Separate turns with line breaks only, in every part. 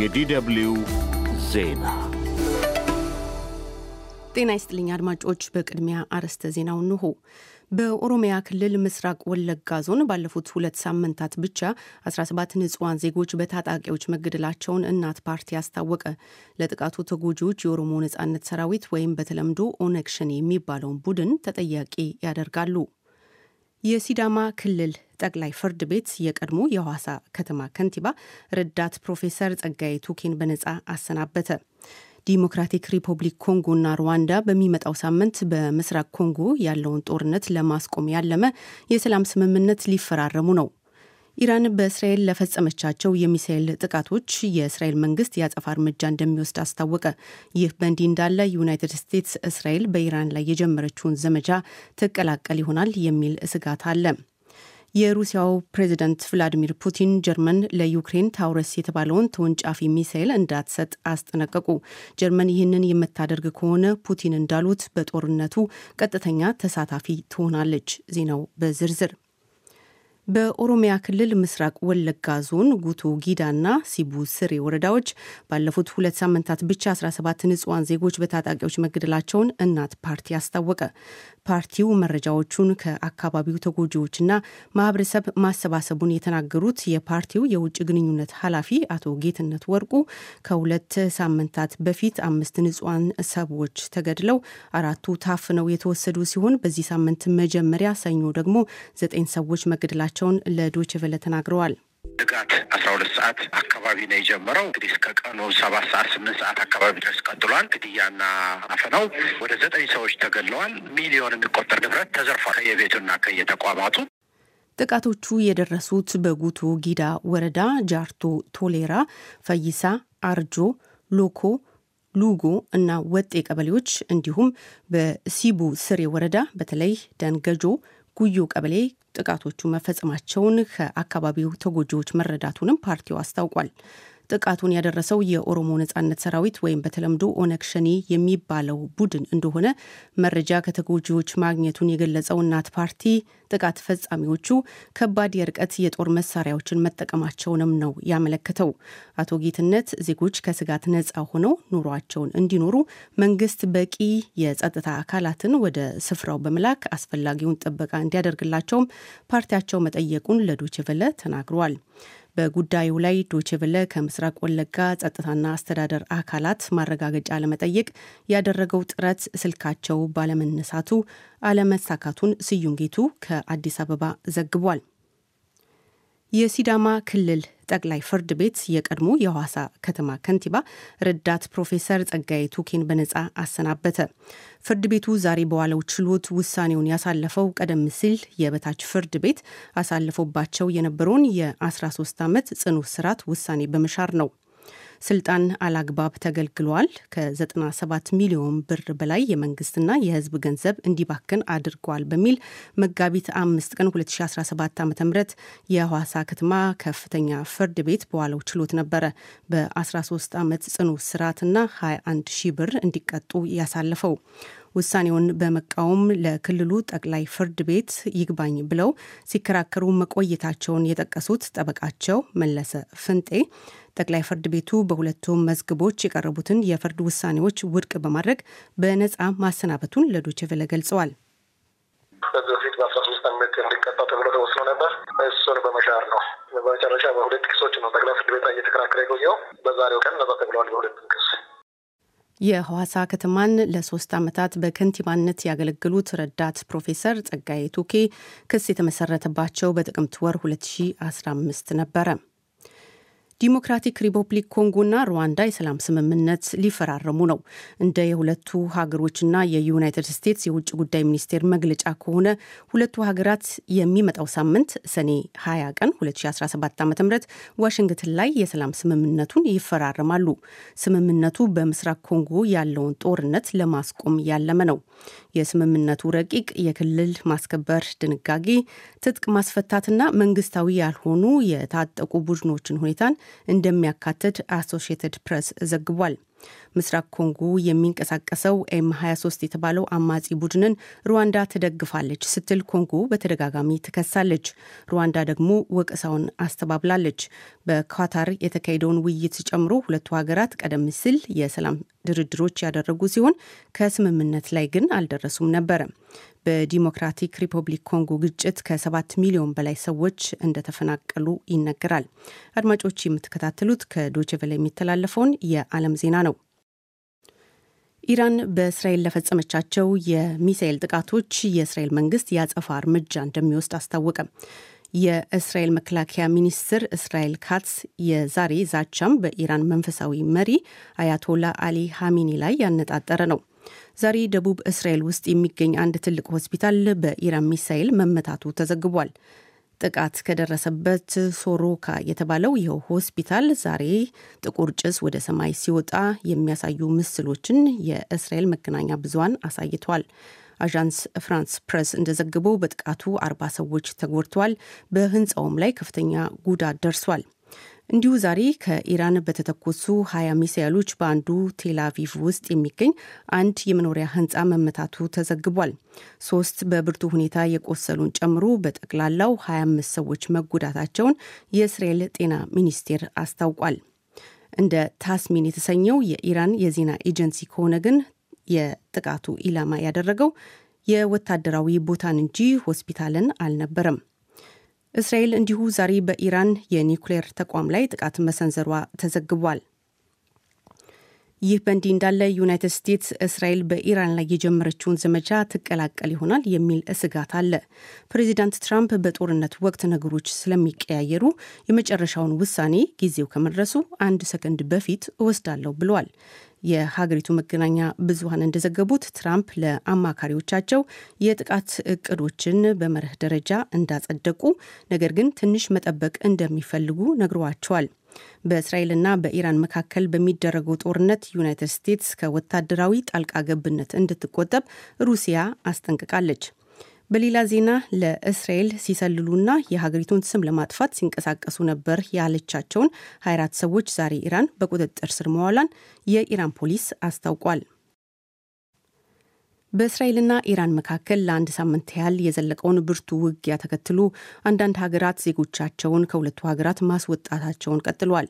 የዲደብልዩ ዜና ጤና ይስጥልኝ አድማጮች። በቅድሚያ አርዕስተ ዜናው እንሆ። በኦሮሚያ ክልል ምስራቅ ወለጋ ዞን ባለፉት ሁለት ሳምንታት ብቻ 17 ንጹሐን ዜጎች በታጣቂዎች መገደላቸውን እናት ፓርቲ አስታወቀ። ለጥቃቱ ተጎጂዎች የኦሮሞ ነጻነት ሰራዊት ወይም በተለምዶ ኦነግ የሚባለውን ቡድን ተጠያቂ ያደርጋሉ። የሲዳማ ክልል ጠቅላይ ፍርድ ቤት የቀድሞ የሐዋሳ ከተማ ከንቲባ ረዳት ፕሮፌሰር ጸጋዬ ቱኬን በነጻ አሰናበተ። ዲሞክራቲክ ሪፐብሊክ ኮንጎ እና ሩዋንዳ በሚመጣው ሳምንት በምስራቅ ኮንጎ ያለውን ጦርነት ለማስቆም ያለመ የሰላም ስምምነት ሊፈራረሙ ነው። ኢራን በእስራኤል ለፈጸመቻቸው የሚሳኤል ጥቃቶች የእስራኤል መንግስት የአጸፋ እርምጃ እንደሚወስድ አስታወቀ። ይህ በእንዲህ እንዳለ ዩናይትድ ስቴትስ እስራኤል በኢራን ላይ የጀመረችውን ዘመቻ ትቀላቀል ይሆናል የሚል ስጋት አለ። የሩሲያው ፕሬዚደንት ቭላዲሚር ፑቲን ጀርመን ለዩክሬን ታውረስ የተባለውን ተወንጫፊ ሚሳኤል እንዳትሰጥ አስጠነቀቁ። ጀርመን ይህንን የምታደርግ ከሆነ ፑቲን እንዳሉት በጦርነቱ ቀጥተኛ ተሳታፊ ትሆናለች። ዜናው በዝርዝር በኦሮሚያ ክልል ምስራቅ ወለጋ ዞን ጉቶ ጊዳና ሲቡ ስሬ ወረዳዎች ባለፉት ሁለት ሳምንታት ብቻ 17 ንጹሐን ዜጎች በታጣቂዎች መገደላቸውን እናት ፓርቲ አስታወቀ። ፓርቲው መረጃዎቹን ከአካባቢው ተጎጂዎችና ማህበረሰብ ማሰባሰቡን የተናገሩት የፓርቲው የውጭ ግንኙነት ኃላፊ አቶ ጌትነት ወርቁ ከሁለት ሳምንታት በፊት አምስት ንጹሐን ሰዎች ተገድለው አራቱ ታፍነው የተወሰዱ ሲሆን በዚህ ሳምንት መጀመሪያ ሰኞ ደግሞ ዘጠኝ ሰዎች መገደላቸውን ለዶችቨለ ተናግረዋል። ንጋት አስራ ሁለት ሰዓት አካባቢ ነው የጀመረው። እንግዲህ እስከ ቀኑ ሰባት ሰዓት ስምንት ሰዓት አካባቢ ድረስ ቀጥሏል። ግድያና አፈናው ወደ ዘጠኝ ሰዎች ተገድለዋል። ሚሊዮን የሚቆጠር ንብረት ተዘርፏል ከየቤቱና ከየተቋማቱ። ጥቃቶቹ የደረሱት በጉቶ ጊዳ ወረዳ ጃርቶ ቶሌራ፣ ፈይሳ፣ አርጆ፣ ሎኮ ሉጎ እና ወጤ ቀበሌዎች እንዲሁም በሲቡ ስሬ ወረዳ በተለይ ደንገጆ ጉዮ ቀበሌ ጥቃቶቹ መፈጸማቸውን ከአካባቢው ተጎጂዎች መረዳቱንም ፓርቲው አስታውቋል። ጥቃቱን ያደረሰው የኦሮሞ ነጻነት ሰራዊት ወይም በተለምዶ ኦነግ ሸኔ የሚባለው ቡድን እንደሆነ መረጃ ከተጎጂዎች ማግኘቱን የገለጸው እናት ፓርቲ ጥቃት ፈጻሚዎቹ ከባድ የርቀት የጦር መሳሪያዎችን መጠቀማቸውንም ነው ያመለከተው። አቶ ጌትነት ዜጎች ከስጋት ነጻ ሆነው ኑሯቸውን እንዲኖሩ መንግስት በቂ የጸጥታ አካላትን ወደ ስፍራው በመላክ አስፈላጊውን ጥበቃ እንዲያደርግላቸውም ፓርቲያቸው መጠየቁን ለዶችቨለ ተናግሯል። በጉዳዩ ላይ ዶችቭለ ከምስራቅ ወለጋ ጸጥታና አስተዳደር አካላት ማረጋገጫ ለመጠየቅ ያደረገው ጥረት ስልካቸው ባለመነሳቱ አለመሳካቱን ስዩም ጌቱ ከአዲስ አበባ ዘግቧል። የሲዳማ ክልል ጠቅላይ ፍርድ ቤት የቀድሞ የሐዋሳ ከተማ ከንቲባ ረዳት ፕሮፌሰር ጸጋዬ ቱኬን በነጻ አሰናበተ። ፍርድ ቤቱ ዛሬ በዋለው ችሎት ውሳኔውን ያሳለፈው ቀደም ሲል የበታች ፍርድ ቤት አሳልፎባቸው የነበረውን የ13 ዓመት ጽኑ ስርዓት ውሳኔ በመሻር ነው። ስልጣን አላግባብ ተገልግሏል፣ ከ97 ሚሊዮን ብር በላይ የመንግስትና የህዝብ ገንዘብ እንዲባክን አድርጓል በሚል መጋቢት አምስት ቀን 2017 ዓ ም የሐዋሳ ከተማ ከፍተኛ ፍርድ ቤት በዋለው ችሎት ነበረ በ13 ዓመት ጽኑ እስራትና 21 ሺህ ብር እንዲቀጡ ያሳለፈው። ውሳኔውን በመቃወም ለክልሉ ጠቅላይ ፍርድ ቤት ይግባኝ ብለው ሲከራከሩ መቆየታቸውን የጠቀሱት ጠበቃቸው መለሰ ፍንጤ ጠቅላይ ፍርድ ቤቱ በሁለቱም መዝግቦች የቀረቡትን የፍርድ ውሳኔዎች ውድቅ በማድረግ በነፃ ማሰናበቱን ለዶይቼ ገልጸዋል። ከዚህ በፊት በአስራ ሶስት ዓመት እንዲቀጣ ተብሎ ተወስኖ ነበር። እሱን በመሻር ነው። በመጨረሻ በሁለት ክሶች ነው ጠቅላይ ፍርድ ቤት እየተከራከረ የቆየው። በዛሬው ቀን ነጻ ተብለዋል በሁለቱም ክስ። የሐዋሳ ከተማን ለሶስት ዓመታት በከንቲባነት ያገለግሉት ረዳት ፕሮፌሰር ጸጋዬ ቱኬ ክስ የተመሰረተባቸው በጥቅምት ወር 2015 ነበረ። ዲሞክራቲክ ሪፐብሊክ ኮንጎና ሩዋንዳ የሰላም ስምምነት ሊፈራረሙ ነው። እንደ የሁለቱ ሀገሮችና የዩናይትድ ስቴትስ የውጭ ጉዳይ ሚኒስቴር መግለጫ ከሆነ ሁለቱ ሀገራት የሚመጣው ሳምንት ሰኔ 20 ቀን 2017 ዓ ም ዋሽንግተን ላይ የሰላም ስምምነቱን ይፈራረማሉ። ስምምነቱ በምስራቅ ኮንጎ ያለውን ጦርነት ለማስቆም ያለመ ነው። የስምምነቱ ረቂቅ የክልል ማስከበር ድንጋጌ፣ ትጥቅ ማስፈታትና መንግስታዊ ያልሆኑ የታጠቁ ቡድኖችን ሁኔታን እንደሚያካትት አሶሽትድ ፕሬስ ዘግቧል። ምስራቅ ኮንጎ የሚንቀሳቀሰው ኤም 23 የተባለው አማጺ ቡድንን ሩዋንዳ ትደግፋለች ስትል ኮንጎ በተደጋጋሚ ትከሳለች። ሩዋንዳ ደግሞ ወቀሳውን አስተባብላለች። በኳታር የተካሄደውን ውይይት ጨምሮ ሁለቱ ሀገራት ቀደም ሲል የሰላም ድርድሮች ያደረጉ ሲሆን ከስምምነት ላይ ግን አልደረሱም ነበረ። በዲሞክራቲክ ሪፐብሊክ ኮንጎ ግጭት ከሰባት ሚሊዮን በላይ ሰዎች እንደተፈናቀሉ ይነገራል። አድማጮች የምትከታተሉት ከዶይቼ የሚተላለፈውን የዓለም ዜና ነው። ኢራን በእስራኤል ለፈጸመቻቸው የሚሳኤል ጥቃቶች የእስራኤል መንግስት የአጸፋ እርምጃ እንደሚወስድ አስታወቀ። የእስራኤል መከላከያ ሚኒስትር እስራኤል ካትስ የዛሬ ዛቻም በኢራን መንፈሳዊ መሪ አያቶላ አሊ ሀሚኒ ላይ ያነጣጠረ ነው። ዛሬ ደቡብ እስራኤል ውስጥ የሚገኝ አንድ ትልቅ ሆስፒታል በኢራን ሚሳይል መመታቱ ተዘግቧል። ጥቃት ከደረሰበት ሶሮካ የተባለው ይኸው ሆስፒታል ዛሬ ጥቁር ጭስ ወደ ሰማይ ሲወጣ የሚያሳዩ ምስሎችን የእስራኤል መገናኛ ብዙሃን አሳይቷል። አዣንስ ፍራንስ ፕሬስ እንደዘግበው በጥቃቱ አርባ ሰዎች ተጎድተዋል። በህንፃውም ላይ ከፍተኛ ጉዳት ደርሷል። እንዲሁ ዛሬ ከኢራን በተተኮሱ ሀያ ሚሳይሎች በአንዱ ቴላቪቭ ውስጥ የሚገኝ አንድ የመኖሪያ ህንፃ መመታቱ ተዘግቧል። ሶስት በብርቱ ሁኔታ የቆሰሉን ጨምሮ በጠቅላላው 25 ሰዎች መጎዳታቸውን የእስራኤል ጤና ሚኒስቴር አስታውቋል። እንደ ታስሚን የተሰኘው የኢራን የዜና ኤጀንሲ ከሆነ ግን የጥቃቱ ኢላማ ያደረገው የወታደራዊ ቦታን እንጂ ሆስፒታልን አልነበረም። እስራኤል እንዲሁ ዛሬ በኢራን የኒውክሌር ተቋም ላይ ጥቃት መሰንዘሯ ተዘግቧል። ይህ በእንዲህ እንዳለ ዩናይትድ ስቴትስ እስራኤል በኢራን ላይ የጀመረችውን ዘመቻ ትቀላቀል ይሆናል የሚል ስጋት አለ። ፕሬዚዳንት ትራምፕ በጦርነት ወቅት ነገሮች ስለሚቀያየሩ የመጨረሻውን ውሳኔ ጊዜው ከመድረሱ አንድ ሰከንድ በፊት እወስዳለሁ ብለዋል። የሀገሪቱ መገናኛ ብዙሀን እንደዘገቡት ትራምፕ ለአማካሪዎቻቸው የጥቃት እቅዶችን በመርህ ደረጃ እንዳጸደቁ፣ ነገር ግን ትንሽ መጠበቅ እንደሚፈልጉ ነግሯቸዋል። በእስራኤልና በኢራን መካከል በሚደረገው ጦርነት ዩናይትድ ስቴትስ ከወታደራዊ ጣልቃ ገብነት እንድትቆጠብ ሩሲያ አስጠንቅቃለች። በሌላ ዜና ለእስራኤል ሲሰልሉና የሀገሪቱን ስም ለማጥፋት ሲንቀሳቀሱ ነበር ያለቻቸውን 24 ሰዎች ዛሬ ኢራን በቁጥጥር ስር መዋሏን የኢራን ፖሊስ አስታውቋል። በእስራኤልና ኢራን መካከል ለአንድ ሳምንት ያህል የዘለቀውን ብርቱ ውጊያ ተከትሎ አንዳንድ ሀገራት ዜጎቻቸውን ከሁለቱ ሀገራት ማስወጣታቸውን ቀጥሏል።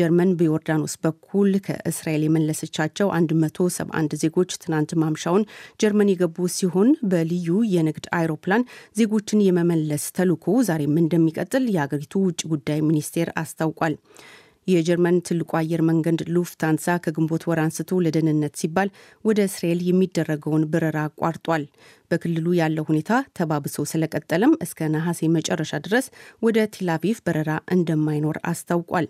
ጀርመን በዮርዳኖስ በኩል ከእስራኤል የመለሰቻቸው 171 ዜጎች ትናንት ማምሻውን ጀርመን የገቡ ሲሆን በልዩ የንግድ አይሮፕላን ዜጎችን የመመለስ ተልዕኮ ዛሬም እንደሚቀጥል የአገሪቱ ውጭ ጉዳይ ሚኒስቴር አስታውቋል። የጀርመን ትልቁ አየር መንገድ ሉፍታንሳ ከግንቦት ወር አንስቶ ለደህንነት ሲባል ወደ እስራኤል የሚደረገውን በረራ አቋርጧል። በክልሉ ያለው ሁኔታ ተባብሶ ስለቀጠለም እስከ ነሐሴ መጨረሻ ድረስ ወደ ቴላቪቭ በረራ እንደማይኖር አስታውቋል።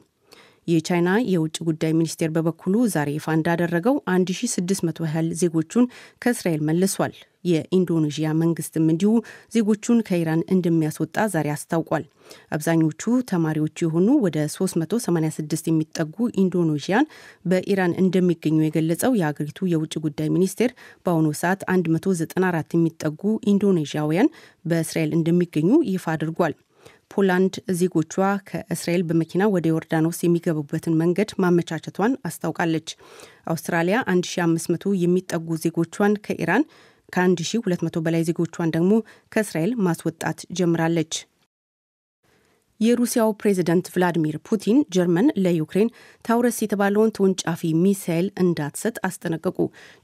የቻይና የውጭ ጉዳይ ሚኒስቴር በበኩሉ ዛሬ ይፋ እንዳደረገው 1600 ያህል ዜጎቹን ከእስራኤል መልሷል። የኢንዶኔዥያ መንግስትም እንዲሁ ዜጎቹን ከኢራን እንደሚያስወጣ ዛሬ አስታውቋል። አብዛኞቹ ተማሪዎች የሆኑ ወደ 386 የሚጠጉ ኢንዶኔዥያን በኢራን እንደሚገኙ የገለጸው የሀገሪቱ የውጭ ጉዳይ ሚኒስቴር በአሁኑ ሰዓት 194 የሚጠጉ ኢንዶኔዥያውያን በእስራኤል እንደሚገኙ ይፋ አድርጓል። ፖላንድ ዜጎቿ ከእስራኤል በመኪና ወደ ዮርዳኖስ የሚገቡበትን መንገድ ማመቻቸቷን አስታውቃለች። አውስትራሊያ 1500 የሚጠጉ ዜጎቿን ከኢራን ከ1200 በላይ ዜጎቿን ደግሞ ከእስራኤል ማስወጣት ጀምራለች። የሩሲያው ፕሬዝደንት ቭላዲሚር ፑቲን ጀርመን ለዩክሬን ታውረስ የተባለውን ተወንጫፊ ሚሳኤል እንዳትሰጥ አስጠነቀቁ።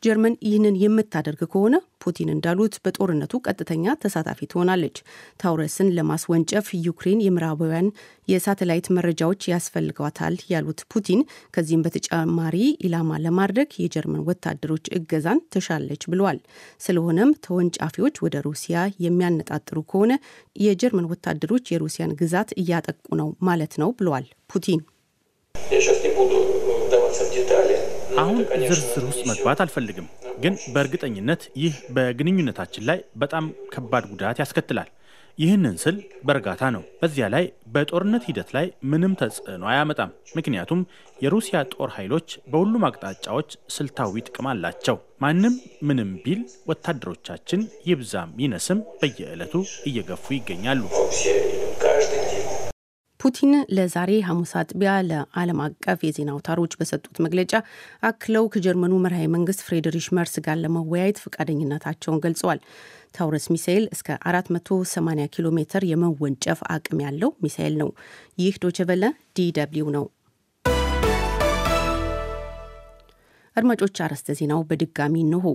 ጀርመን ይህንን የምታደርግ ከሆነ ፑቲን እንዳሉት በጦርነቱ ቀጥተኛ ተሳታፊ ትሆናለች። ታውረስን ለማስወንጨፍ ዩክሬን የምዕራባውያን የሳተላይት መረጃዎች ያስፈልገዋታል ያሉት ፑቲን ከዚህም በተጨማሪ ኢላማ ለማድረግ የጀርመን ወታደሮች እገዛን ትሻለች ብለዋል። ስለሆነም ተወንጫፊዎች ወደ ሩሲያ የሚያነጣጥሩ ከሆነ የጀርመን ወታደሮች የሩሲያን ግዛት እያጠቁ ነው ማለት ነው ብለዋል ፑቲን። አሁን ዝርዝር ውስጥ መግባት አልፈልግም፣ ግን በእርግጠኝነት ይህ በግንኙነታችን ላይ በጣም ከባድ ጉዳት ያስከትላል። ይህንን ስል በእርጋታ ነው። በዚያ ላይ በጦርነት ሂደት ላይ ምንም ተጽዕኖ አያመጣም። ምክንያቱም የሩሲያ ጦር ኃይሎች በሁሉም አቅጣጫዎች ስልታዊ ጥቅም አላቸው። ማንም ምንም ቢል ወታደሮቻችን ይብዛም ይነስም በየዕለቱ እየገፉ ይገኛሉ። ፑቲን ለዛሬ ሐሙስ አጥቢያ ለዓለም አቀፍ የዜና አውታሮች በሰጡት መግለጫ አክለው ከጀርመኑ መርሃዊ መንግስት ፍሬድሪሽ መርስ ጋር ለመወያየት ፈቃደኝነታቸውን ገልጸዋል። ታውረስ ሚሳኤል እስከ 480 ኪሎ ሜትር የመወንጨፍ አቅም ያለው ሚሳኤል ነው። ይህ ዶችቨለ ዲ ደብልዩ ነው። አድማጮች አርዕስተ ዜናው በድጋሚ ንሁ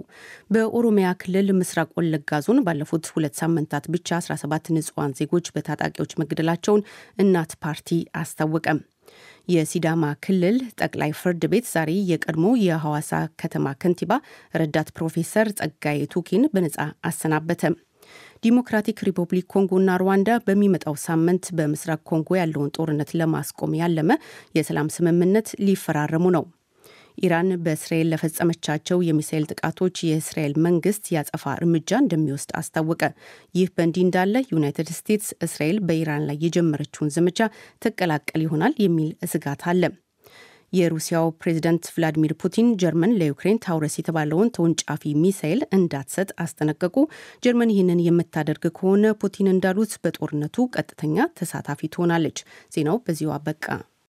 በኦሮሚያ ክልል ምስራቅ ወለጋ ዞን ባለፉት ሁለት ሳምንታት ብቻ 17 ንጹሐን ዜጎች በታጣቂዎች መገደላቸውን እናት ፓርቲ አስታወቀም። የሲዳማ ክልል ጠቅላይ ፍርድ ቤት ዛሬ የቀድሞ የሐዋሳ ከተማ ከንቲባ ረዳት ፕሮፌሰር ጸጋይ ቱኪን በነጻ አሰናበተ። ዲሞክራቲክ ሪፐብሊክ ኮንጎ እና ሩዋንዳ በሚመጣው ሳምንት በምስራቅ ኮንጎ ያለውን ጦርነት ለማስቆም ያለመ የሰላም ስምምነት ሊፈራረሙ ነው። ኢራን በእስራኤል ለፈጸመቻቸው የሚሳኤል ጥቃቶች የእስራኤል መንግስት ያጸፋ እርምጃ እንደሚወስድ አስታወቀ። ይህ በእንዲህ እንዳለ ዩናይትድ ስቴትስ እስራኤል በኢራን ላይ የጀመረችውን ዘመቻ ትቀላቀል ይሆናል የሚል ስጋት አለ። የሩሲያው ፕሬዝደንት ቭላዲሚር ፑቲን ጀርመን ለዩክሬን ታውረስ የተባለውን ተወንጫፊ ሚሳይል እንዳትሰጥ አስጠነቀቁ። ጀርመን ይህንን የምታደርግ ከሆነ ፑቲን እንዳሉት በጦርነቱ ቀጥተኛ ተሳታፊ ትሆናለች። ዜናው በዚሁ አበቃ።